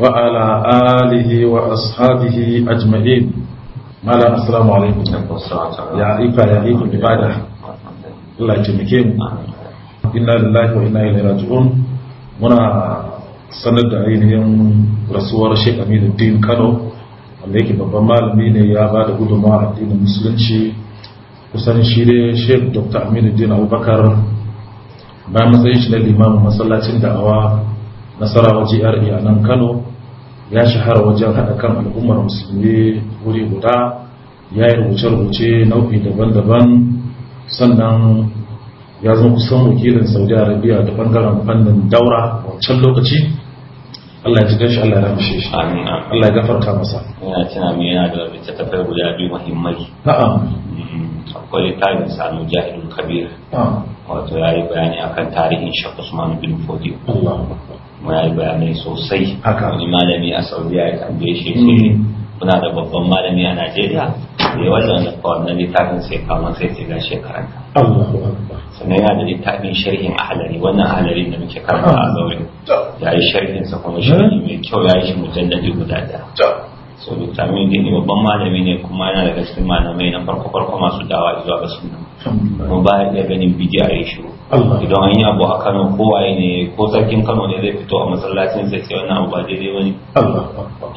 وعلى آله وأصحابه أجمعين ما لا السلام عليكم يا عيفة يا عيفة ببادة الله يجمعكم إنا لله وإنا إليه راجعون muna sanar da ainihin rasuwar Sheikh Aminuddin Kano wanda yake babban malami ne ya ba da gudunmawa addinin musulunci kusan shi ne Sheikh Dr. Aminuddin Abubakar bayan matsayin shi na limamin masallacin da'awa nasarawa GRA a nan Kano ya shahara wajen haɗa kan al'ummar musulmi wuri guda ya yi rubuce-rubuce nau'i daban-daban sannan ya zama kusan wakilin saudi arabia da bangaren fannin daura wancan lokaci allah ya ji shi, allah ya rami shi allah ya gafarta masa yana tuna mai yana da littattafai guda biyu muhimmai akwai littafin sanu jahilun kabir ah. wato ya yi bayani akan tarihin shek usman bin fodiyo mu ya yi bayanai sosai wani malami a saudiya ya tambaye shi ce hmm. kuna da babban malami a najeriya da eh, ya wannan wannan littafin sai kama sai ce ga shekaran sannan yana da littafin sharhin ahalari wannan ahalari da muke karanta a ah. zaure ya yi sharhinsa kuma sharhi mai kyau ya yi shi mujalladi guda daya so dr aminu ne babban malami ne kuma yana daga cikin malamai na farko farko masu dawa zuwa ga sunna kuma ba ya iya ganin bidiya ya shiru idan an yi abu a kano ko waye ne ko sarkin kano ne zai fito a masallacin sai ce wannan abu ba daidai ba ne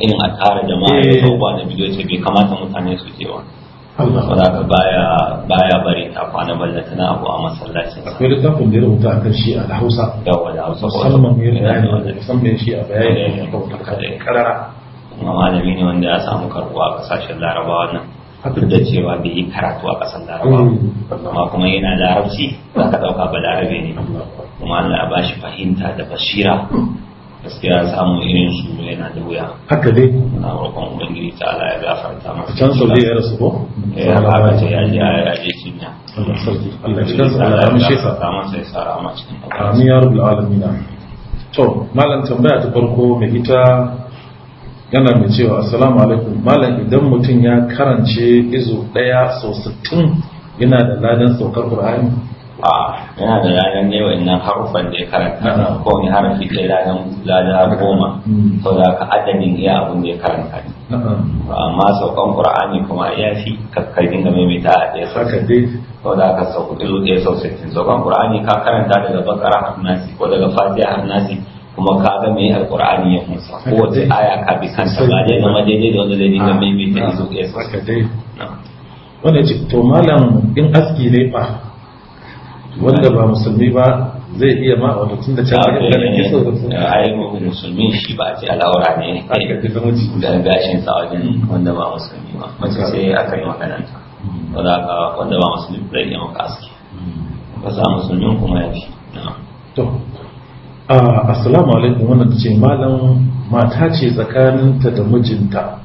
In a tara jama'a ya eh. so ba na bidiyo ce bai kamata mutane su je ba saboda ka baya baya bari ta kwana balla tana abu a masallacin akwai littafin da ya rubuta a kan shi a hausa yawa da hausa musamman ya rubuta shi a bayani kare karara kuma malami ne wanda ya samu karbuwa a kasashen larabawa nan duk da cewa bai yi karatu a kasan larabawa amma kuma yana larabci za ka ɗauka ba larabe ne kuma Allah ba shi fahimta da basira gaskiya samu irin su yana da wuya haka dai na roƙon ubangiji ta ala ya gafarta masa can sau ya rasu ko ya eh, haka ce ya je ya je cinya Allah sarki Allah cikin sa Allah mun shesa ta masa ya sara ma cikin amin ya rabbul alamin to malam tambaya ta farko mai ita yana mai cewa assalamu alaikum malam idan mutum ya karance izo daya sau sittin yana da ladan saukar qur'ani a yana da ladan ne wa'annan harufan da ya karanta ko ne harafi ke ladan ladan goma ko da ka adadin iya abun da ya karanta ne amma saukan qur'ani kuma ya fi kakkai dinga maimaita a ɗaya saka dai ko da ka sauku izo ɗaya sau sittin saukan qur'ani ka karanta daga bakara har nasi ko daga fatiha har nasi kuma ka ga me alqur'ani ya kunsa wace aya ka bi kanta ba dai zama daidai da wanda zai dinga ta izo ya saka dai wanda ce to malam in aski ne fa wanda ba musulmi ba zai iya ma wanda tun da cewa ga da kiso da sun ai musulmi shi ba ce alawara ne da gashin sa wajen hmm. wanda ba musulmi ba mace sai aka yi magana ta hmm. wanda ka wanda ba musulmi bai yi maka aski hmm. ba za musulmi kuma ya fi to assalamu alaikum wannan ce malam mata ce tsakaninta da mijinta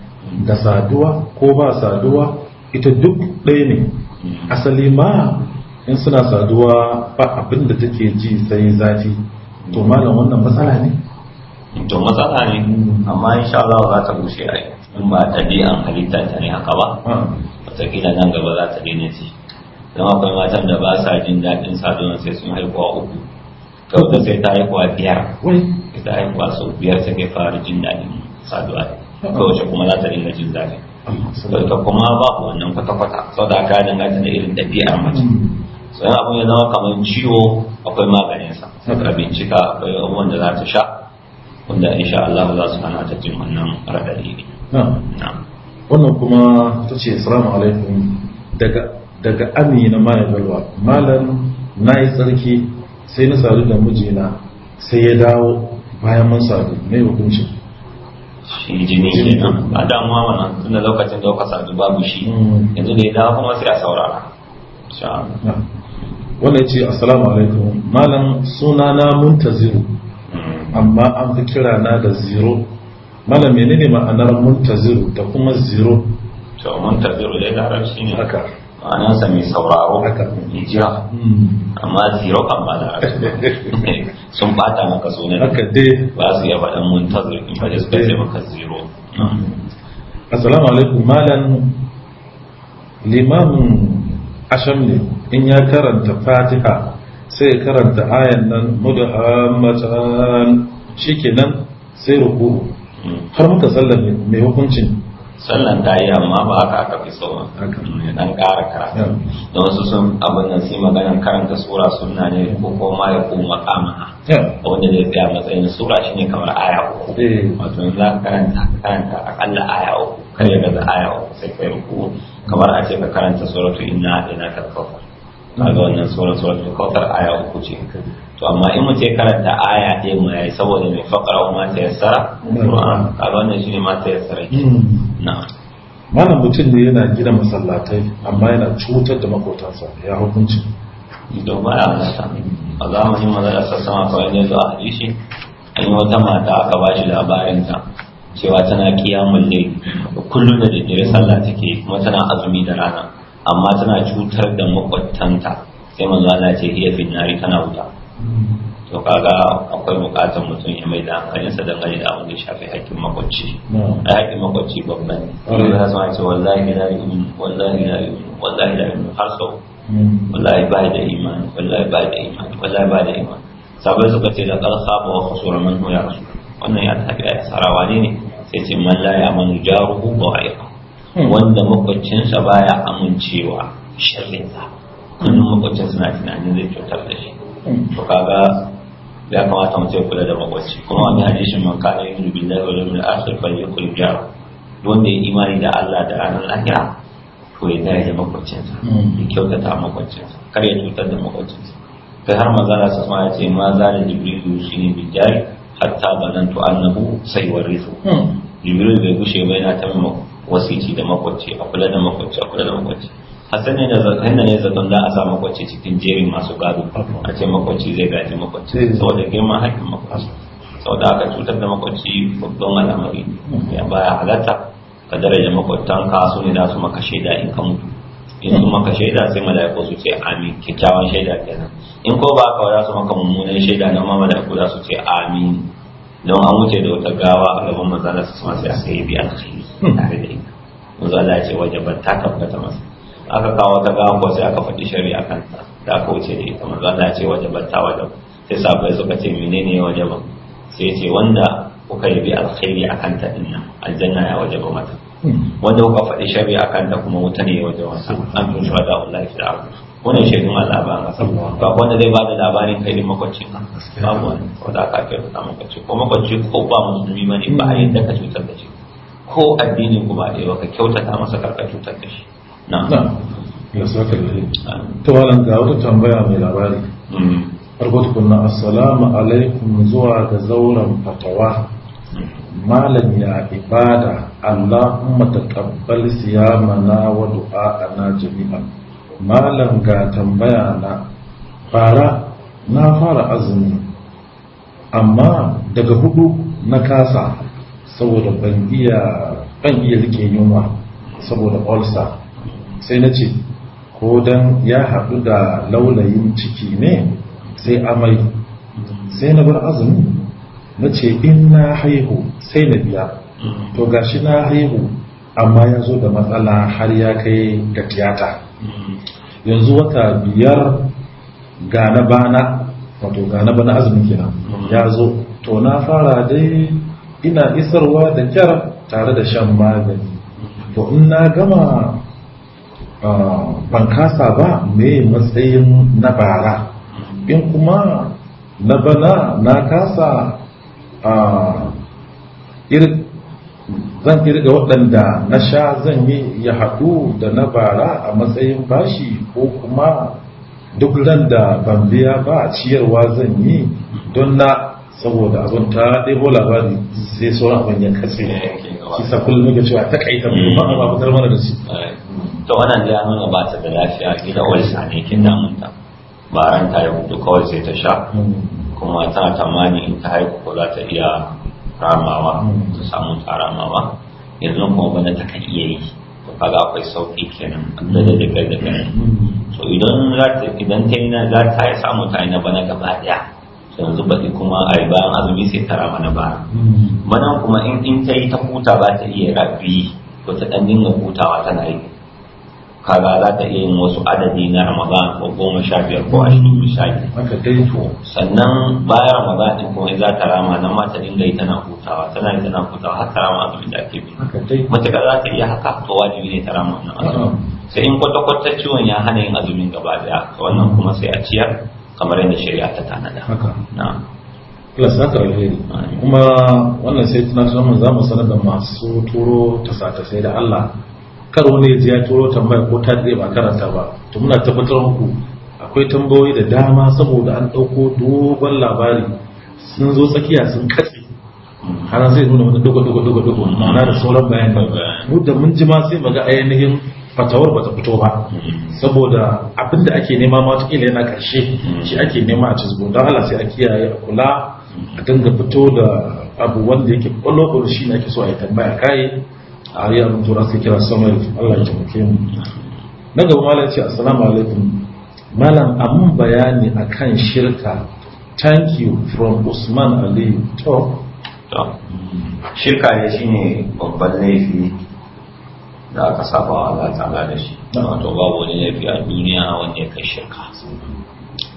da saduwa ko ba saduwa ita duk ɗaya ne asali ma in suna saduwa ba abin da take ji sai zafi to malam wannan matsala ne to matsala ne amma sha Allah za ta bushe ai in ba ta bi an halitta ta ne haka ba ah. wataƙila nan gaba za ta daina ci don akwai matan da ba sa jin daɗin saduwa sai sun haihuwa uku kawai sai ta haihuwa biyar sai ta haihuwa sau biyar take fara jin daɗin saduwa kawai kuma za ta dinga jin zafi saboda kuma ku wannan kwata-kwata saboda ka danganta da irin ɗabi'ar mace sai abun ya zama kamar ciwo akwai maganin sa. sai bincika akwai abubuwan da za ta sha wanda insha Allah za su hana ta jin wannan radari ne wannan kuma ta ce salamu alaikum daga daga amina mai malam na yi tsarki sai na sadu da mijina sai ya dawo bayan mun sadu mai hukunci shi jini ne nan ba damuwa wannan tun da lokacin da sadu babu shi hmm. yanzu da ya dawo kuma sai a saurara wannan ce assalamu alaikum malam suna na muntaziru hmm. amma an fi kira na da zero malam menene ma'anar muntaziru da kuma zero to muntaziru dai da shi ne haka ma'anansa mai sauraro mai jira hmm. amma zero kan ba da sun bata maka sunan ba su ya faɗin muntazir in ba da suka ce maka zero hmm. assalamu alaikum malam limamin ashamli in ya karanta fatiha sai karanta ayan nan mudahammatan shikenan sai ruku hmm. har muka sallar mai hukuncin sallan ta yi amma ba haka aka fi so ɗan dan ƙara karatu don wasu sun abin nan sai maganar karanta sura sunna ne ko ko ma ya kuma a wanda zai tsaya matsayin sura shine kamar aya uku eh. wato za ka karanta ka karanta akalla aya uku Kar ya gaza aya uku sai kai ruku kamar a ce ka karanta suratu inna ina karfafa kaga wannan sura ta kautar aya uku ce to amma in mu ce karanta aya ɗaya mu yayi saboda mai faqara kuma ta yassara qur'an kaga wannan shine ma ta yassara hmm. na'am malam mutum ne yana gina masallatai amma yana cutar da makotansa ya hukunci idan ba ya halatta a zamanin manzon sassama kawai ne zuwa hadisi an yi wata mata aka ba shi labarinta cewa tana kiyamun ne kullum da daddare sallah take kuma tana azumi da rana amma tana cutar da makwattanta sai manzo Allah ce hiya fi nari tana wuta to kaga akwai bukatar mutum ya mai da hankalin sa dangane da abin da ya shafi haƙƙin makwacci ai haƙƙin makwacci babban ne Allah ya ce wallahi la yu'min wallahi la yu'min wallahi la yu'min har sau hmm. wallahi ba da imani wallahi ba da imani wallahi ba da imani sabai suka ce da kalha ba wa khasura man ya rasu wannan ya tafi a tsarawa ne sai ce man la ya manu jaruhu wa ayyahu Hmm. wanda makwabcinsa baya amincewa shirinsa wani makwacinsa na tunanin zai cutar da shi hmm. to kaga ya kamata mutum kula da makwabci kuma wani hadisin man kana yin billahi wal yawmil akhir fal yakul jar wanda ya imani da Allah da ranar lahira to ya tare da makwacinsa hmm. ya kyautata makwacinsa kar ya cutar da makwacinsa kai har manzala sa ma ya ce ma zala jibrilu shine bijari hatta banantu annahu sai warisu jibril bai gushe bai na ta wasiti da makwabci a kula da makwabci a kula da makwabci hasan ne da ne zaton za a sa makwabci cikin jerin masu gado a ce makwabci zai gaji makwabci saboda girma, haƙƙin makwabci saboda aka cutar da makwabci babban al'amari ya baya halatta ka daraja makwabtanka su ne za su maka shaida in ka mutu in su maka shaida sai mala'iku su ce amin kyakkyawan shaida kenan in ko ba ka za su maka mummunan shaida na ma mala'iku za su ce amin don an wuce da wata gawa a gaban manzana su sama sai aka yi biyan alkhairi tare da ita Wanzu Allah ya ce ba ta tabbata masa aka kawo wata gawa ko sai aka faɗi shari kan ta da aka wuce da ita manzo Allah ya ce ba ta wajaban sai sabai suka ce waje ba. sai ce wanda kuka yi bi alkhairi a ta din nan aljanna ya waje ba mata hmm. wanda kuka faɗi shari a ta kuma wuta ne ya wajaba mata an tun shahada Allah fi abu wani shaidun Allah ba ka ba wanda zai ba da labarin kai da makwacin ka babu wani da ka kai da makwacin ko makwacin ko ba musulmi bane ba a yadda ka cutar da shi ko addinin ku ba da yawa ka kyautata masa karka cutar da shi na. ya saka shi. to walan ga wata tambaya mai labari mm-hmm. farko tukunna assalamu alaikum zuwa ga zauren fatawa malam ya ibada allahumma taqabbal siyamana wa du'a'ana jami'an malam ga tambaya na fara na fara azumi amma daga hudu na kasa saboda ban iya ban rike yunwa saboda ulcer sai na ce ko dan ya haɗu da laulayin ciki ne sai amai sai na bar azumi na ce in na haihu sai na biya to gashi na haihu amma ya zo da matsala har ya kai ga tiyata yanzu wata biyar gane bana wato gane bana azumin kenan ya zo to na fara dai ina isarwa da kyar tare da shan magani to in na gama ban kasa ba me matsayin na bara in kuma na bana na kasa irin zan kirga waɗanda na sha zan yi ya haɗu da na bara a matsayin bashi ko kuma duk ran da ban biya ba a ciyarwa zan yi don na saboda abin ta ɗebo labari sai sauran abin ya katse shi sa kullum ga cewa ta ta mu ba ba fitar mana da shi to wannan da nuna ba ta da lafiya gida walsa ne kin damun ta ba ran ta ya hudu kawai sai ta sha hmm. kuma ta tamani in ta haihu ko za ta iya ramawa ta samu ta ramawa yanzu kuma bana ta kan iya yi to kaga akwai sauki kenan da da daga daga so idan idan ta yi na za ta yi samu ta yi na bana gaba daya yanzu baɗi kuma a yi bayan azumi sai tara mana ba bana kuma in ta yi ta huta ba ta iya rabi ko ta ɗan dinga hutawa tana yi kaga za ka iya yin wasu adadi na ramadan ko goma sha biyar ko ashirin misali sannan bayan ramadan din kuma za ta rama nan ma ta dinga yi tana hutawa tana yi tana hutawa har ta rama abin da ake bi matuƙar za ta iya haka to wajibi ne ta rama wannan azumin sai in kwata-kwata ciwon ya hana yin azumin gaba daya to wannan kuma sai a ciyar kamar yadda shari'a ta tanada na'am sa ka alheri kuma wannan sai tunatar mu za mu sanar da masu turo tasa-tasai da Allah kar wani ya turo tambaya ko ta dade ba karanta ba to muna tabbatar muku akwai tambayoyi da dama saboda an ɗauko dogon labari sun zo tsakiya sun katse har sai nuna wani dogo dogo dogo dogo ma'ana da sauran bayan da mun ji ma sai maga ainihin fatawar ba ta fito ba saboda abinda ake nema ma wataƙila yana karshe shi ake nema a cizgo don Allah sai a kiyaye a kula a dinga fito da abu wanda yake kwallo shi ne ake so a yi tambaya kai a yi abin tura kira summary Allah ya taimake mu na gaba malam ce assalamu alaikum malam amun bayani akan shirka thank you from Usman Aliyu to shirka ne shine babban laifi da aka saba wa Allah ta'ala da shi wato babu wani laifi a duniya wanda ya kai shirka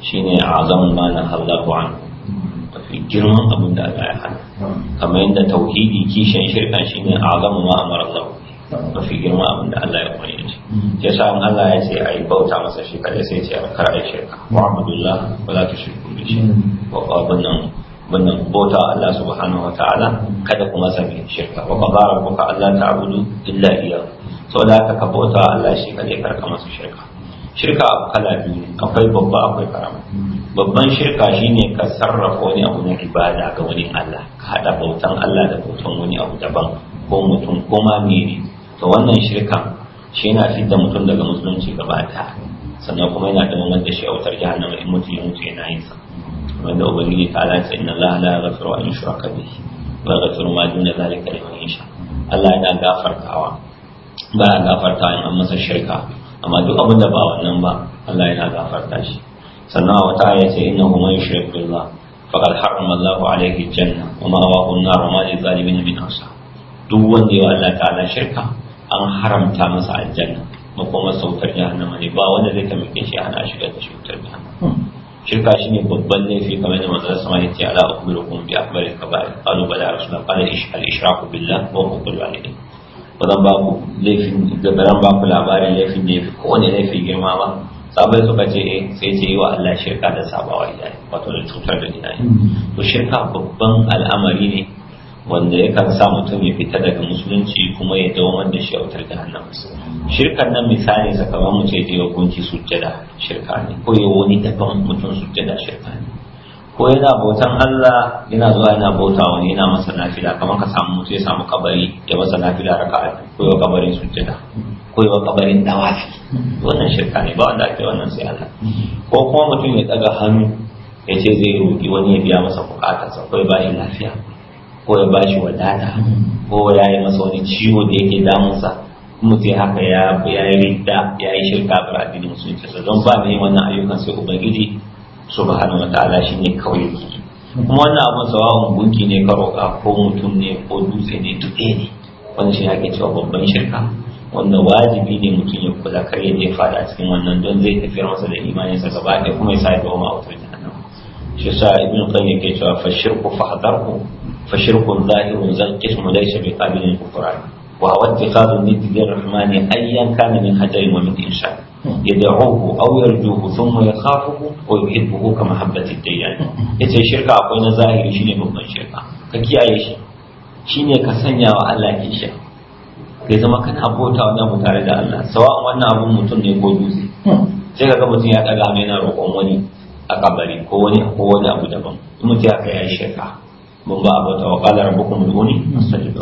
shine azamun ma na anhu girman abin da Allah ya hana kamar yadda tauhidi kishin shirka shine azamu ma amara Allah mafi girman abin da Allah ya koyi shi ya sa in Allah ya ce a yi bauta masa shi kada sai ce kar ai shirka muhammadullah wala tushriku bi shi wa qabanna wannan bauta Allah subhanahu wataala kada kuma sami shirka wa qadara rabbuka alla ta'budu illa iya, so haka ka bauta Allah shi kada ka masa shirka shirka kala biyu akwai babba akwai karama babban shirka shine ka sarrafa wani abu na ibada ga wani Allah ka hada bautan Allah da bautan wani abu daban ko mutum ko ma mene to wannan shirka shi yana fitar mutum daga musulunci gaba ta sannan kuma yana da mamman da shi a wutar jahannama in mutum ya mutu yana yin sa wanda ubangiji ta ala ta inna Allah la yaghfiru an yushraka bihi wa yaghfiru ma duna zalika liman yasha Allah yana gafartawa ba ya gafartawa in an masa shirka amma duk abin da ba wannan ba Allah yana gafarta shi sannan a wata aya ce innahu man yushrik billah faqad harrama Allahu alayhi janna wa ma'awahu an-nar ma lizalimin min ansar duk wanda ya Allah ta'ala shirka an haramta masa aljanna makomar sautar jahannama ne ba wanda zai tamake shi ana shiga da hmm. shi wutar jahannama shirka shine babban laifi kamar da manzon sama ya ce ala ukhbirukum bi akbaril kaba'ir qalu bala rasulullah qala al-ishraku billah wa huwa kullu ba ba ku laifin ba ba ku labarin laifin da ya fi kowane laifin girma ba sabai suka ce eh sai ce yi wa Allah shirka da sabawa iyaye wato da cutar da iyaye mm-hmm. to shirka babban al'amari ne wanda kan sa mutum ya fita daga musulunci kuma ya dawo da shi a wutar da hannun musu shirkan nan misali sakamakon mu ce je hukunci sujjada shirka ne ko ya wani daban mutum sujjada shirka ne ko yana bautan Allah yana zuwa yana bauta wani yana masa nafila kamar ka samu mutu ya samu kabari ya masa nafila raka ko koyo kabarin sujjada ko yawa kabarin dawafi wannan shirka ne ba wanda ake wannan sai Allah ko kuma mutum ya daga hannu ya ce zai roƙi wani ya biya masa bukatarsa ko ya shi lafiya ko ya bashi wadata ko ya yi masa wani ciwo da yake damunsa Kuma sai haka ya yi ridda ya yi shirka a addinin musulunci don ba ne wannan ayyukan sai ubangiji subhanahu wataala shine kawai kuma wannan abun sawa'un gunki ne ka ko mutum ne ko dutse ne duk ne wannan shi ake cewa babban shirka wanda wajibi ne mutum ya kula kar ya je fada a cikin wannan don zai tafiyar masa da imaninsa gaba ɗaya kuma ya sa ya dawo ma a wutar jahannam shi sa ibn qayyim yake cewa fa shirku fa hadarku fa shirkun zahirun zal qismu laysa bi qabilin kufran wa huwa ittikhadhu niddi rahmani ayyan kana min hajarin wa min insani yad'uhu aw yarjuhu thumma yakhafuhu wa yuhibbuhu ka mahabbati dayyan yace shirka akwai na zahiri shine babban shirka ka kiyaye shi shine ka sanya wa Allah shi. kai zama kana abota wannan abu tare da Allah sawa wannan abun mutum ne ko dutse sai ka ga mutum ya daga mai na roƙon wani a kabari ko wani ko wani abu daban in mutum aka yi shirka mun ba abota wa qala rabbukum ud'uni astajib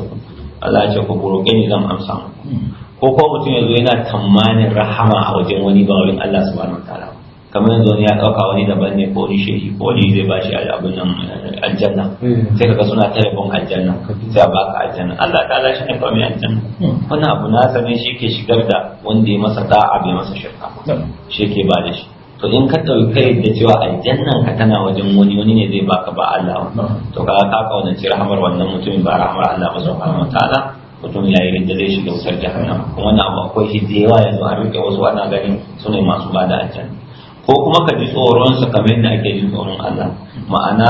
Allah ya ce ku roƙe ni zan amsa muku ko ko mutum ya zo yana tamanin rahama a wajen wani ba wurin Allah subhanahu wataala kamar yanzu wani ya ɗauka wani daban ne ko wani shehi ko wani zai bashi abin nan eh, hmm. aljanna sai kaga suna talabon aljanna sai ba ka aljanna Allah ta ala shi ne kwami aljanna hmm. wani abu na sanin shi ke shigar da wanda ya masa da'a bai masa shirka hmm. shi ke ba da shi to in ka ɗauki da cewa aljannan ka tana wajen wani wani ne zai baka ba Allah to kaga ka kaunaci rahamar wannan mutumin ba rahamar Allah ba subhanahu wataala mutum ya yi rinda zai shiga wutar jahannama kuma na abu akwai shi da yawa yanzu a rike wasu ana ganin su masu bada ajiyar. ko kuma ka ji tsoron sa kamar yadda ake jin tsoron Allah ma'ana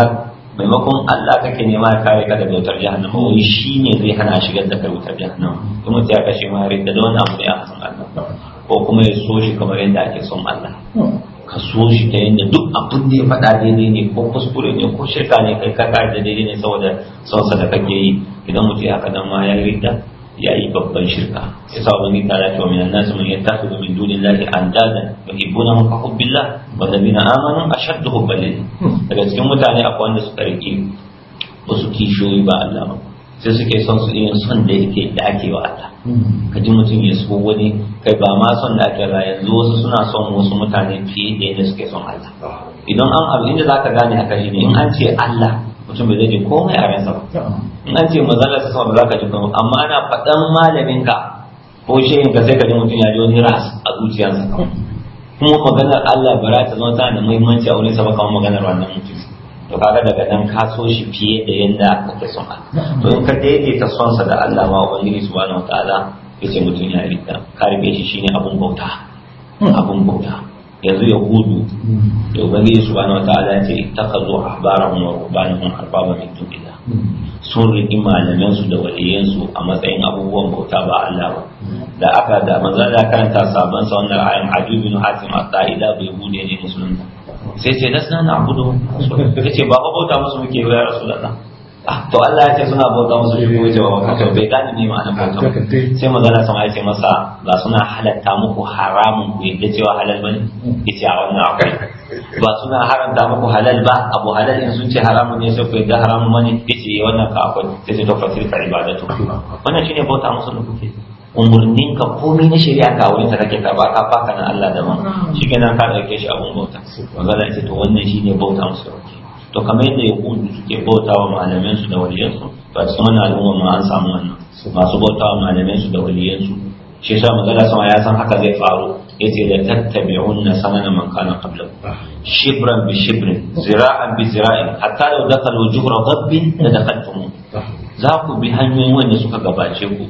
maimakon Allah kake nema ya kare ka daga wutar jahannama wani shi ne zai hana shigar da kai wutar jahannama kuma sai kashe ma rinda da wannan abu ya san Allah ko kuma ya so shi kamar yadda ake son Allah ka so shi ta yadda duk abin da ya faɗa daidai ne ko kuskure ne ko shirka ne kai ka kare da daidai ne saboda son da kake yi idan mutum ya haka ma ya yi ridda ya yi babban shirka ya sa wani ta lafiya min annas man yattakhidhu min dunillahi andadan yuhibbunahum ka hubbillah wa alladhina amanu ashaddu hubban daga cikin mutane akwai wanda suka rike wasu kishiyoyi ba Allah ba sai suke son su yi son da yake da ake Allah ka ji mutum ya so wani kai ba ma son da ake ra yanzu wasu suna son wasu mutane fiye da yadda suke son Allah idan an abu inda zaka gane haka ne in an ce Allah mutum bai zai ji komai a ransa ba in an ce manzala sa sama ba za ka ji komai amma ana faɗan malamin ka ko shehin ka sai ka ji mutum ya ji wani ras a zuciyarsa kuma maganar Allah ba za ta zama tana da muhimmanci a wurin sa maganar wannan mutum to kaga daga nan ka so shi fiye da yanda kake son Allah to in ka ta son sa da Allah ma ubangiji subhanahu wataala yace mutum ya rika ka rike shi shine abun bauta hmm. abun bauta yanzu yahudu hmm. da su subhanahu wata ala ce ta a ahbarahum wa rubbanahum arbaba mai dunillah hmm. sun riƙi malamansu da waliyansu a matsayin abubuwan bauta ba Allah ba hmm. da aka da manzo da karanta sabon sa wannan ayan Abi bin Hatim at-Ta'ila bai bude ne musulunta sai ce lasna abudu sai ce ba bauta musu muke wa ya rasulullah Ah, to Allah ya ce suna bauta musu shi ko jawa wata to bai gani ne ma'anar bauta sai magana sun aike masa ba suna halatta muku haramun ku yadda cewa halal bane yace a wannan akwai ba suna haramta muku halal ba abu halal in sun ce haramun ne sai ku yadda haramun bane yace eh, wannan ka akwai sai ce to fasir ka ibadatu wannan shine bauta musu da kuke umurnin ka komai na shari'a ka wurin ta kake ka ba ka baka na Allah shi kenan ka dauke shi abun bauta ya ce to wannan shine bauta musu da kuke to kamar yadda ya kudu suke bauta wa malamansu da waliyansu to a wani al'umma ma an samu wannan masu bauta wa malamansu da waliyansu shi sa magana sama ya san haka zai faru yace da tattabi'unna sanana man kana qablakum shibran bi shibrin zira'an bi zira'in hatta law dakalu juhra dhabbin la dakaltum za ku bi hanyoyin wanda suka gabace ku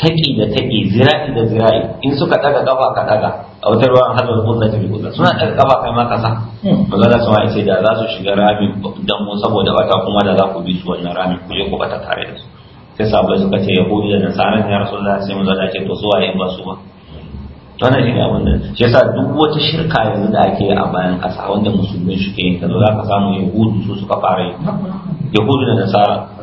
taƙi da taƙi zira'i da zira'i in suka ɗaga ƙafa ka ɗaga a wutar ruwan halar kusa ta kusa suna daga ƙafa kai ma kasa sa hmm. maza su da za su shiga ramin dan mu saboda wata kuma da za ku bi su wannan ramin ku je ku bata tare da su sai sabai suka ce yahudi da nasarar ya rasu da sai mu zata ce to su waye ba su ba to na abin shi yasa duk wata shirka yanzu da ake a bayan kasa wanda musulmai suke yin ta za ka samu yahudu su suka fara yi yahudu da nasara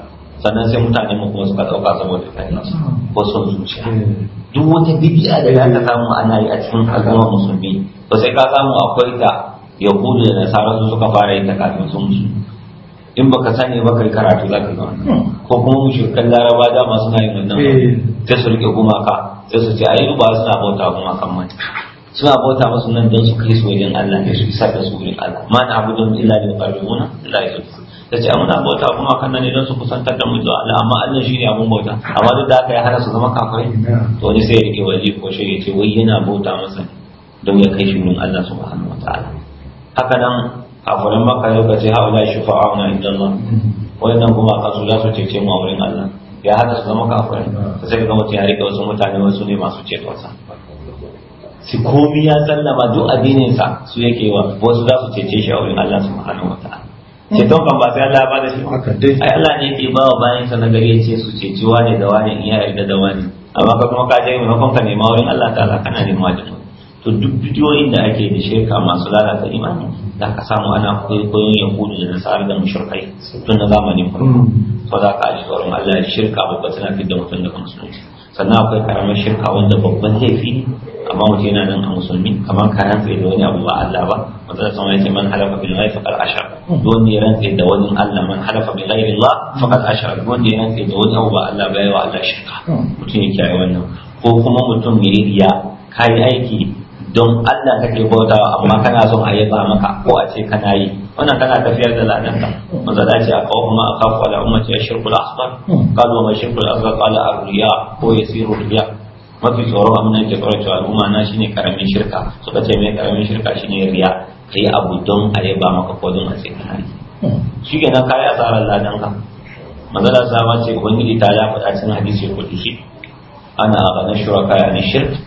sannan sai mutane mu kuma suka ɗauka saboda kansu ko son zuciya hmm. duk wata bibiya da za ta samu ana yi a cikin al'ummar musulmi to sai ka samu akwai ta yahudu da nasara su suka fara yin ta kafin sun mutu. in baka sani ba kai karatu za ka ga hmm. ko kuma mushrikan laraba dama suna yin wannan eh. sai su rike gumaka sai su ce ayi ba suna bauta gumakan mai suna bauta masu nan don su kai su wajen Allah ne su isa da su wurin Allah ma na da ƙarfi lil ila la yuzun ta ce muna bauta kuma kan nan ne don su kusantar da mu zuwa Allah amma Allah shine abun bauta amma duk da haka ya hana su zama kafirai to wani sai ya rike waje ko shi ya ce wai yana bauta masa don ya kai shi mun Allah subhanahu wataala haka nan kafirin maka ya shi fa'a mun inda Allah wannan kuma ka su za su cece mu a wurin Allah ya hana su zama kafirai sai ka ga mutum ya rike wasu mutane wasu ne masu cetonsa su komi ya sallama duk addininsa su yake wa wasu za su cece shi a wurin Allah subhanahu wataala ceton kan ba sai Allah ba da shi ai Allah ne yake ba wa bayan sa na gari ya ce su ceci wane da wane in ya yarda da wane amma ka kuma ka je maimakon ka nema wurin Allah ta'ala kana nema da to to duk bidiyoyin da ake da shirka masu lalata imani da ka samu ana kwaikwayon yahudu da nasar da mushrikai tun na zamanin farko saboda mm. ka ji wurin Allah shirka babba tana fidda mutum daga musulunci sannan akwai karamar shirka wanda babban laifi amma mutum yana nan a musulmi kamar ka rantse da wani abu ba Allah ba wanda sama yace man halafa bil ghaibi faqad ashar wanda ya rantse da wani Allah man halafa bil ghaibi Allah faqad ashar wanda ya rantse da wani abu ba Allah ba ya yawa Allah shirka hmm. mutum yake yi wannan ko kuma mutum ya riya kai aiki don Allah kake bautawa amma kana son a yaba maka ko a ce kana yi wannan kana tafiyar da ladanka manzo da ce a kawo ma a kafa ala ummati ashirku al-asghar qalu ma ashirku al-asghar qala ar-riya ko yasiru riya mafi tsoro a ke tsoro cewa al'umma na shine karamin shirka suka ce mai karamin shirka shine riya yi abu don a yaba maka ko don a ce kana yi shi kenan kai asarar ladanka manzo da sama ce ubangiji ta ya faɗa hadisi ko dishi أنا أغنى شركاء عن الشرك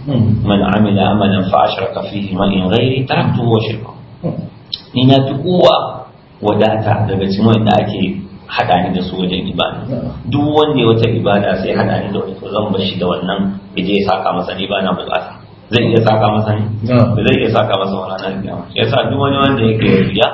من عمل عملا فأشرك فيه من غيري تركته وشركه إن تقوى وداتا daga cikin wanda ake hada ni da su wajen ibada duk wanda wata ibada sai hada ni da wani to zan da wannan ya je ya saka masa ni bana na bukata zai iya saka masa ne ba zai iya saka masa wani ranar kiyama ya sa duk wani wanda yake riya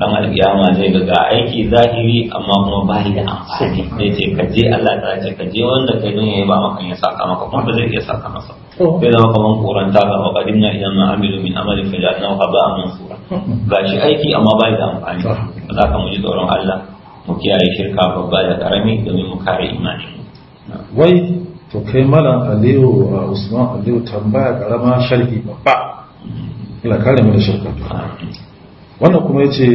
dan alkiyama zai ga ga aiki zahiri amma kuma ba da amfani zai ce ka je Allah ta ce ka je wanda kai don yayi ba maka ya saka maka kuma ba zai iya saka masa sai oh. zama kaman kuranta ga maqadimna idan ma amilu min amali an sura Ga shi aiki amma ba da amfani oh. ba za ka mu ji tsoron Allah mu kiyaye shirka babba da karami domin mu kare imani wai to kai mana aliyu a usman aliyu tambaya karama sharhi babba ila kare mai shirka wannan kuma yace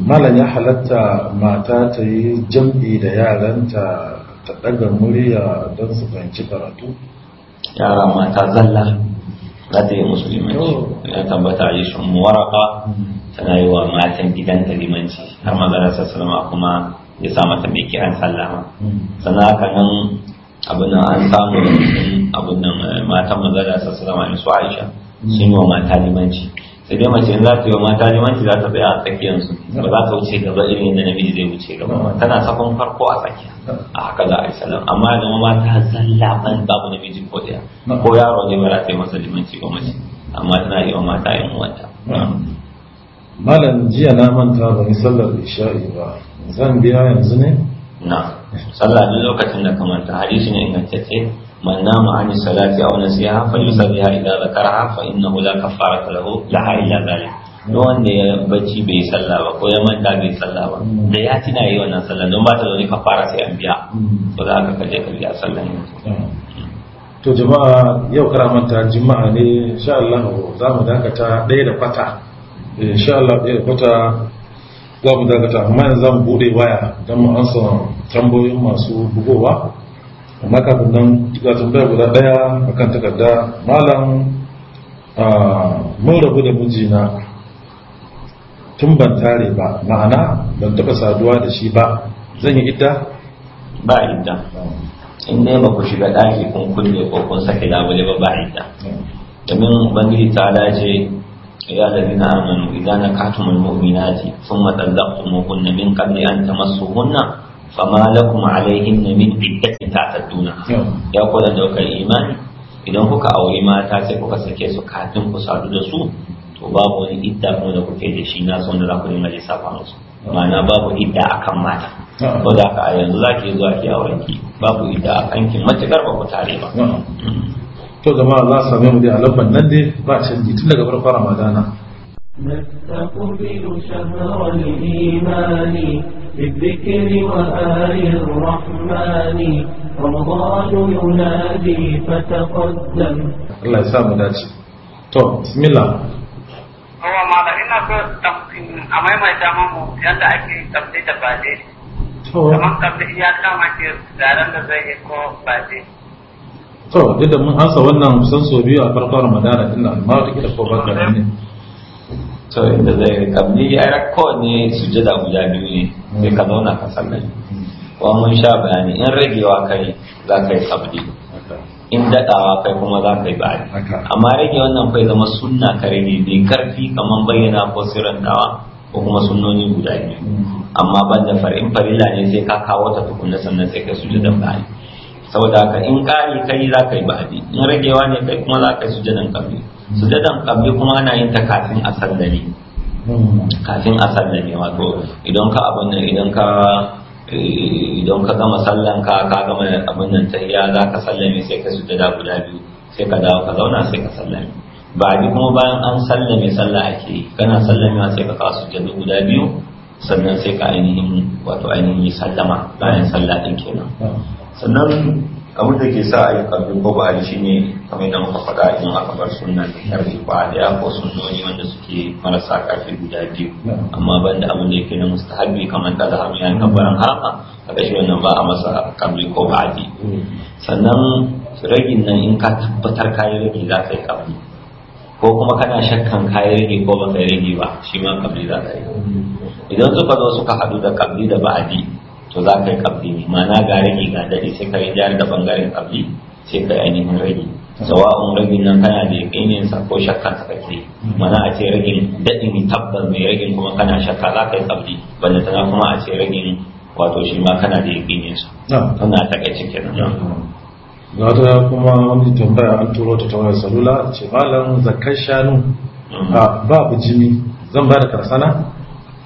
malam ya halatta mata ta yi jam'i da yaranta ta daga murya don su fahimci karatu yara mata zalla za ta yi musulmanci ya tabbata a yi shi waraka tana yi wa matan gidan limanci har magana sassalama kuma ya sa mata mai kiran sallama hmm. sannan haka nan abin nan an samu da abin nan eh, matan manzala su sallama in su Aisha sun yi wa mata limanci sai dai mace in za ta yi wa mata limanci za ta tsaya a tsakiyar su ba za ta wuce gaba irin yadda namiji zai wuce gaba tana sakon farko a tsakiya a haka za a yi salam amma ya zama mata zalla ban babu namiji ko ɗaya ko yaro ne ba za ta yi masa limanci ba mace amma tana yi wa mata yin uwanta. malam jiya na manta ban yi sallar isha'i ba zan biya yanzu ne? na sallah duk lokacin da kamanta hadisi ne ingantacce man nama an salati aw nasiha falyusalliha idza zakaraha fa innahu la kafarata lahu laha illa zalik duk wanda ya bacci bai sallah ba ko ya manta bai sallah ba da ya tina yi wannan sallah don ba ta da ka kafara sai an biya to da aka kaje ka biya sallah ne to jama'a yau karamanta jima'a ne insha Allah za mu dakata ɗaya da kwata eh, insha Allah ɗaya da kwata za mu dakata amma yanzu za mu bude waya don mu ansa tambayoyin masu bugowa amma kafin nan ga tambaya guda daya kan takarda malam mun rabu da mijina tun ban tare ba ma'ana ban taɓa saduwa da shi ba zan yi ita. ba ita in dai ba ku shiga ɗaki kun kulle ko kun sake labule ba ba ita hmm. domin ubangiji ta dace يا الذين آمنوا إذا نكحتم المؤمنات ثم طلقتموهن من قبل أن تمسوهن فما لكم عليهن من عدة تعتدونها يا قول أنك إيمان إذا كوكا أو إيمان تاسي كوكا سكيسو كاتم كسادو دسو to babu wani idda kuma da kuke da shi nasu wanda za ku dinga lissafa musu ma'ana babu idda akan mata ko da ka a yanzu za ki zuwa ki aurenki idda a ki matukar ba ku ba to jama'a za su same mu a lambar nan dai ba canji tun daga farkon ramadana نستقبل شهر الإيمان بالذكر وآل الرحمن رمضان ينادي فتقدم الله يسامح بسم الله ina so a maimaita mamu yadda ake kamfe da baje. Kamar kamfe iya kama ke zaren da zai ko baje. to duk da mun hansa wannan kusan so biyu a farkon ramadana din nan amma wata kira ko ba ka ne to inda zai kamni ya rakko ne sujada guda biyu ne sai ka zauna ka sallai wa mun sha bayani in ragewa kai za ka yi sabdi in daɗawa kai kuma za ka yi bayani amma rage wannan kai zama sunna ka rage mai karfi kamar bayyana ko sirantawa ko kuma sunnoni guda biyu mm. amma ban da farin farilla ne sai ka kawo ta tukunna sannan sai ka sujada bayani saboda ka in kai kai za ka yi ba'adi in ragewa ne kai kuma za ka yi sujadan ƙabli sujadan kabi kuma ana yin ta kafin a sallare kafin a sallare wato idan ka abin nan idan ka idan ka gama sallan ka ka gama abin nan ta iya za ka sallame sai ka sujada guda biyu sai ka dawo ka zauna sai ka sallame ba bi kuma bayan an sallame sallah ake kana sallamewa sai ka kawo sujada guda biyu sannan sai ka ainihin wato ainihin sallama bayan sallah din kenan sannan abin da ke sa a yi karfi ko ba'ali shi ne kamar da muka faɗa in aka bar sunan karfi ba da ko zoni wanda suke marasa karfi guda biyu amma ban da abin da yake na mustahabi kamar da da hamiyan kabarin haka a ƙashi wannan ba a masa karfi ko a sannan ragin nan in ka tabbatar kayan rage za ka yi karfi ko kuma kana shakkan kayan rage ko ba ka rage ba shi ma karfi za ka yi idan suka zo suka haɗu da karfi da ba'adi to za ka yi kabli ne ma'ana ga rage ga daɗi sai ka yi jari da bangaren kabli sai ka yi ainihin rage sawa'un ragin nan kana da yaƙinin sa ko shakka ta kake mana a ce ragin daɗin tabbas mai ragin kuma kana shakka za ka yi kabli banda tana kuma a ce ragin wato shi ma kana da yaƙinin sa tana takaice kenan ga ta kuma wani tambaya an turo ta tawayar salula ce malam zakar shanu ba jini zan ba da karsana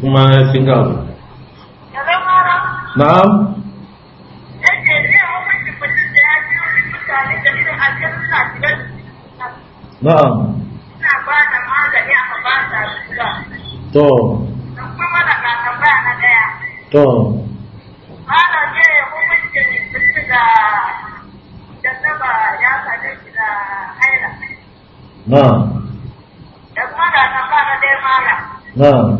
kuma sun gabu na'am na'am to to na na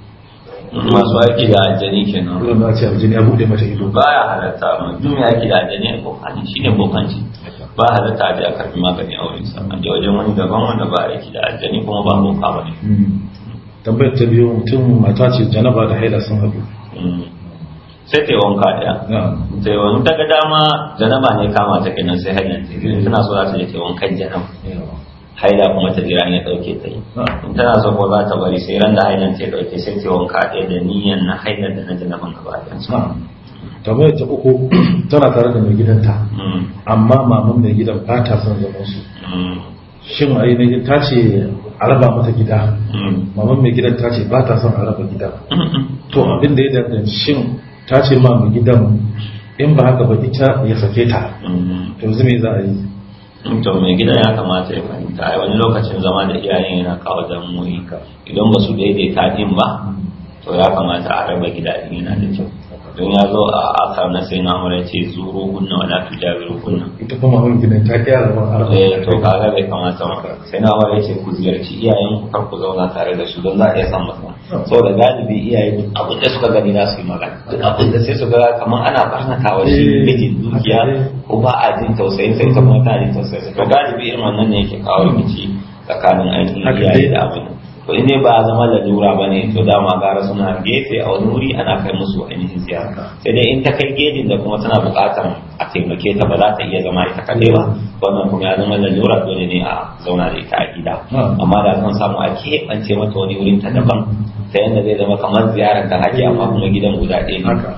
masu aiki da aljani kenan wannan ba ce aljani abu da mata ido ba ya halatta ba duk mai aiki da aljani ko kokani shine bokanci ba halatta da a karfi magani a wurin sa a wajen wani daban wanda ba aiki da aljani kuma ba boka ba ne hmm. tambayar ta biyu mutum mata ce janaba da haila sun haɗu hmm. sai ta yi wanka ɗaya ta yi wanka daga dama janaba ne kama ta kenan sai haila suna hmm. so za ta je ta yi wankan janaba Haida kuma ta jira ya dauke ta yi ah. in tana so ko za ta bari sai ran da haidan ce dauke sai ce wanka ɗaya da niyyar na haida da na janaban gaba ɗaya kamar ah. ta uku tana tare da mai gidanta hmm. amma maman mai gidan ba ta son zaman su hmm. shin a ne ta ce a raba mata gida hmm. maman mai gidan ta ce ba ta son a raba gida to abin da ya danganci shin ta ce ma mai gidan in ba haka ba ita ya sake ta to zume za a yi to mai gida ya kamata ya fahimta a wani lokacin zama da iyayen yana kawo damuwoyi idan ba su daidaita din ba to ya kamata a raba gida yana da kyau don ya zo a asar na sai na amura ce zuru hunna wala tu jabiru hunna ita kuma hun gidan ta kiya zaman arba eh to kaga bai kamata ba sai na amura ce ku ziyarci iyayen ku kar ku zauna tare da su don za a iya san masa oh. saboda galibi iyaye abin da suka gani za su yi magana duk abin da sai su ga kamar ana barnatawa shi eh, mijin dukiya ko ba a jin tausayin sai ta kuma ta jin tausayin to galibi irin wannan ne yake kawo rikici tsakanin ainihin iyaye da abin in ne ba a zama lalura ba ne to dama gara suna gefe a wani wuri ana kai musu ainihin ziyara sai dai in ta kai gedin da kuma tana bukatar a taimake ta ba za ta iya zama ita kaɗai ba wannan kuma ya zama lalura dole ne a zauna da ita a gida amma da zan samu a keɓance mata wani wurin ta daban ta yadda zai zama kamar ziyarar ta haji amma kuma gidan guda ɗaya ne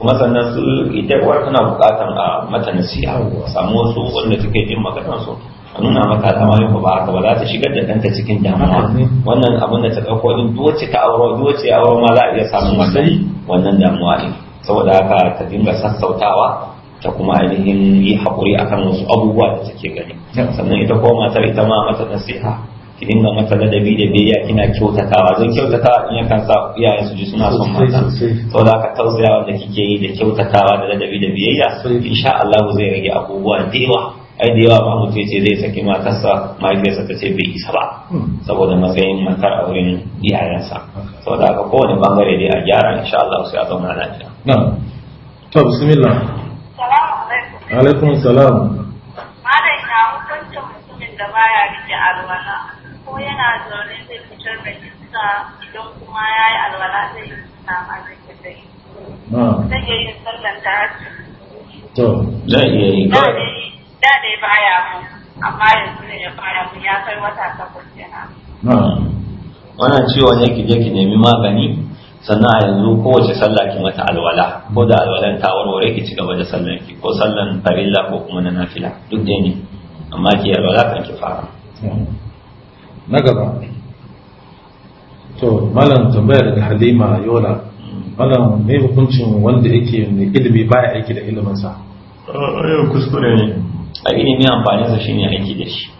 kuma sannan su ita uwar tana bukatar a mata nasiha samu wasu wanda suke jin maganar su a nuna maka al'amarin ba haka ba za ta shigar da danta cikin damuwa wannan abin da ta ɗauko din duwace ta auro duwace auro ma za a iya samun matsayi wannan damuwa din saboda haka ta dinga sassautawa ta kuma ainihin yi haƙuri akan wasu abubuwa da take gani sannan ita ko matar ita ma mata nasiha ki dinga mata ladabi da biyayya kina kyautatawa zan kyautatawa in ya sa iyayen su ji suna son mata saboda haka tausayawa da kike yi da kyautatawa da ladabi da biyayya insha Allah zai rage abubuwa da yawa ai da yawa ba mutum ce zai saki matarsa mahaifiyarsa ta ce bai isa ba hmm. saboda matsayin matar a wurin iyayensa saboda haka kowane bangare dai a gyara insha Allah sai a zauna lafiya na. to bismillah salamu alaikum salam malam na hukuncin mutumin da baya rike alwala ko yana zaune zai fitar da kisa idan kuma ya yi alwala zai yi ma zai fitar zai yi sallan ta to zai iya yi kawai da dai baya mu amma yanzu ne ya fara mu ya kai wata takwas kenan wannan ciwon ne ki je ki nemi magani sannan a yanzu kowace sallah ki mata alwala ko da alwalan ta warware ki ci gaba da sallar ki ko sallan farilla ko kuma na nafila duk dai ne amma ki alwala kan ki fara na gaba to malam tambaya daga halima yola malam me hukuncin wanda yake mai ilimi baya aiki da iliminsa yau eh, kuskure ne a ilimi amfaninsa shine aiki da shi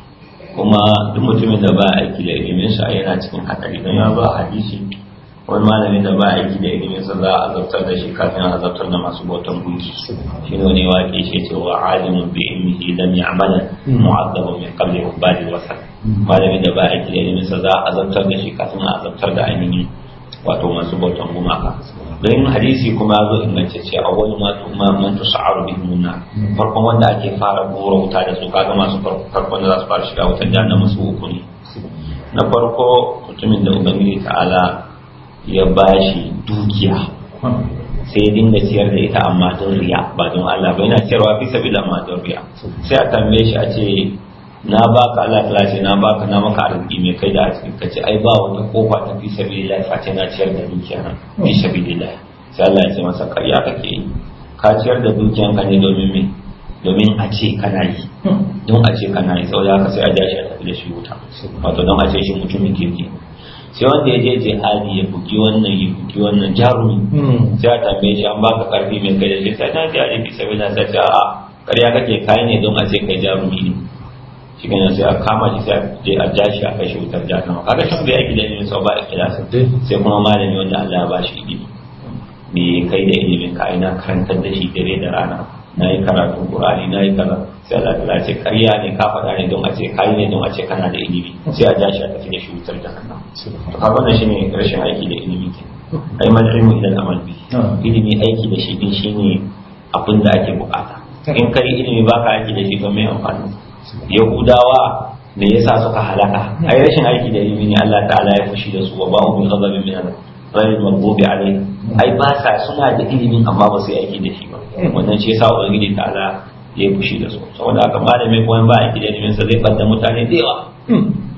kuma duk mutumin da ba aiki da iliminsa yana cikin hatsari don ya ba a hadisi wani malamin da ba aiki da iliminsa za a azabtar da shi kafin a azabtar da masu bautan gunki shi ne wani waƙe shi ce wa alimin bi ilmihi lam ya'mala mu'azzabun min qabli ubadi wa malamin da ba aiki da iliminsa za a azabtar da shi kafin a azabtar da ainihin wato masu bautan gumaka domin hadisi kuma ya zo ce a wani matu man ta sa'aru bi nuna farkon wanda ake fara goro wuta da su kaga masu farkon da za su fara shiga wutan jahannama na uku ne na farko mutumin da ubangiji ta'ala ya bashi dukiya sai ya dinga ciyar da ita amma don riya ba don Allah ba yana ciyarwa fi sabila amma don riya sai a tambaye shi a ce na baka Allah ta lafi na baka na maka arziki mai kai da arziki ka ce ai ba wata kofa ta fi sabilillah ce na ciyar da dukiyar na fi sabilillah sai Allah ya ce masa karya kake yi ka ciyar da dukiyar ka ne domin me domin a ce kana yi don a ce kana yi saboda haka sai a shi a tafi da shi wuta wato don a ce shi mutumin kirki sai wanda ya je jihadi ya buki wannan ya buki wannan jarumi sai a tambaye shi an baka karfi mai kai da shi sai na jihadi fi sabilillah sai a karya kake kai ne don a ce kai jarumi ne shi ne sai a kama shi sai je a jashi a kashe wutar jahannama kaga shan bai aiki da ilimin sa ba ikhlasi sai kuma malami wanda Allah ya ba shi ilimi me kai da ilimin ka ina karantar da shi dare da rana Na yi karatun qur'ani yi kaza sai Allah ta ce karya ne ka faɗa ne don a ce kai ne don a ce kana da ilimi sai a jashi a tafi da shi wutar jahannama to kaga wannan shine rashin aiki da ilimi ke ai mal ilmu idan amal bi ilimi aiki da shi din shine abin da ake bukata in kai ilimi baka aiki da shi to me amfani yahudawa me yasa suka halaka ai rashin aiki da ilimi ne Allah ta'ala ya fushi da su wa ba'u bil ghadabi min Allah ghayr a alayhi ai ba sa suna da ilimin amma ba su aiki da shi ba wannan shi yasa ubangiji ta'ala ya fushi da su saboda haka malami ko ba aiki da ilimin sa zai fadda mutane da yawa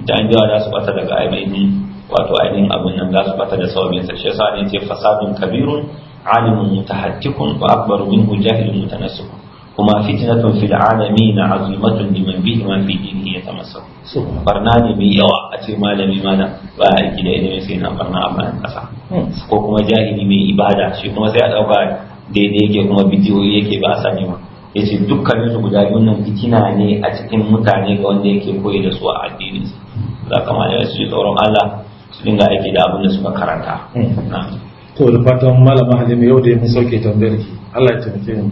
mutane da yawa za su bata daga ainihin wato ainihin abin nan za su bata da sababin sa shi yasa ne ce fasadun kabirun alimun mutahaddiqun wa akbaru minhu jahilun mutanassibun kuma fitnatun fil alamin azimatun liman bihi ma fi dinihi yatamassak barna ne mai yawa a ce malami mana ba ya aiki da ilimi sai na barna a bayan kasa hmm. ko kuma jahili mai ibada shi kuma sai a dauka daidai yake kuma bidiyoyi yake ba a sani ba ya ce dukkanin su guda biyun nan fitina ne a cikin mutane ga wanda yake koyi da su a addini za ka ma su ji tsoron Allah su dinga aiki da abin da suka karanta hmm. to da fatan malama halima yau da ya sauke tambayar ki Allah ya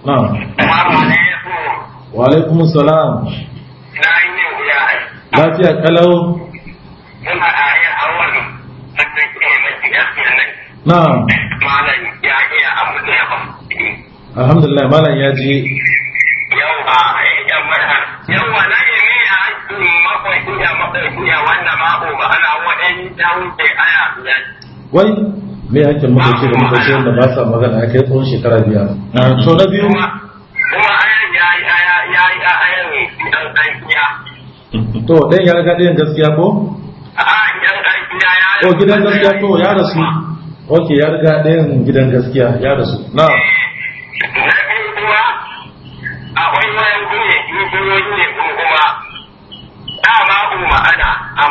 Na'am. Wa alaikum salam. Na yi ne wuya. Lafiya kalau. Muna a yi awon sannan Malam ya iya abin da malam ya ji. Yawa yan Yawa na yi ne a makwai iya makwai iya wannan mako ba ana waɗanda wuce aya biyar. Wai. me hakkin makoci da makoci wanda ba sa magana ya kai tsawon shekara biyar so na biyu to ɗan ya ga ɗayan gaskiya ko? ko oh, gidan gaskiya ko ya rasu ok ya riga ɗayan gidan gaskiya ya rasu na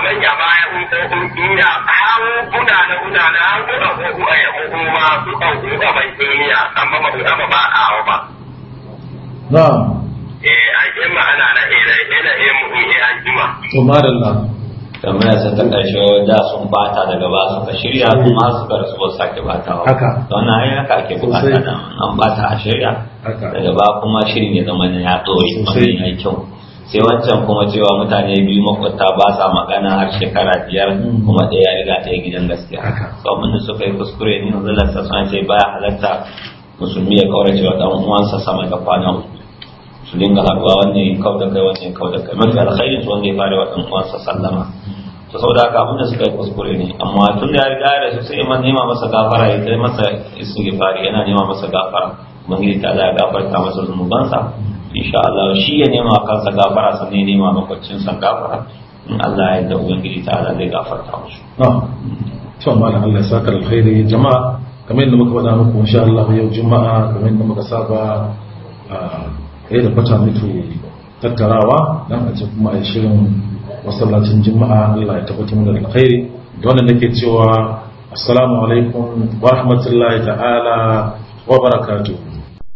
sanya baya in ko kun duniya har kuna na guda na an kuna ko kuma ya ko kuma su kan ku ga duniya amma ba ku ba ba a ba na'am eh a ke ma'ana na ila ila eh, eh, eh mu eh an jima to madalla kamar sa ta karshe da sun bata daga ba su ka shirya kuma suka rasu ba sake batawa haka don na yi haka ake bukata da an bata a shirya daga ba kuma shirin ya zama ya tsoye kuma ya yi kyau sai wancan kuma cewa mutane biyu makwabta ba sa magana har shekara biyar hmm. kuma ɗaya ya riga ta yi gidan gaskiya mun da suka yi kuskure ne zalar lasta sun ce baya halatta musulmi ya kaurace cewa ɗan uwansa sama da kwana su dinga haɗuwa wannan kau da kai wannan kau da kai mafi alkhairi su wanda ya fara wa ɗan uwansa sallama to saboda haka abin suka yi kuskure ne amma tun da ya riga da su sai man nema masa gafara ya kai masa istighfari yana nema masa gafara ubangiji ta Allah a gafarta masa zunubansa insha Allah shi ya nema kansa gafara sannan ya nema makwacin san gafara in Allah ya yarda ubangiji ta Allah zai gafarta musu to da Allah ya saka alkhairi jama'a kamar yadda muka faɗa muku insha Allah yau juma'a kamar yadda muka saba ɗaya yadda fata mutu tattarawa dan a ce kuma a shirin masallacin juma'a Allah ya tabbatar mana da alkhairi da wannan nake cewa assalamu alaikum wa rahmatullahi ta'ala wa barakatuh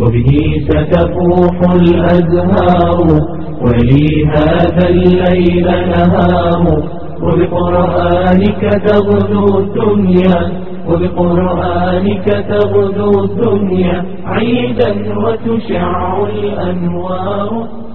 وبه ستفوح الأزهار ولي هذا الليل نهار وبقرآنك تغدو الدنيا وبقرآنك تغدو الدنيا عيدا وتشع الأنوار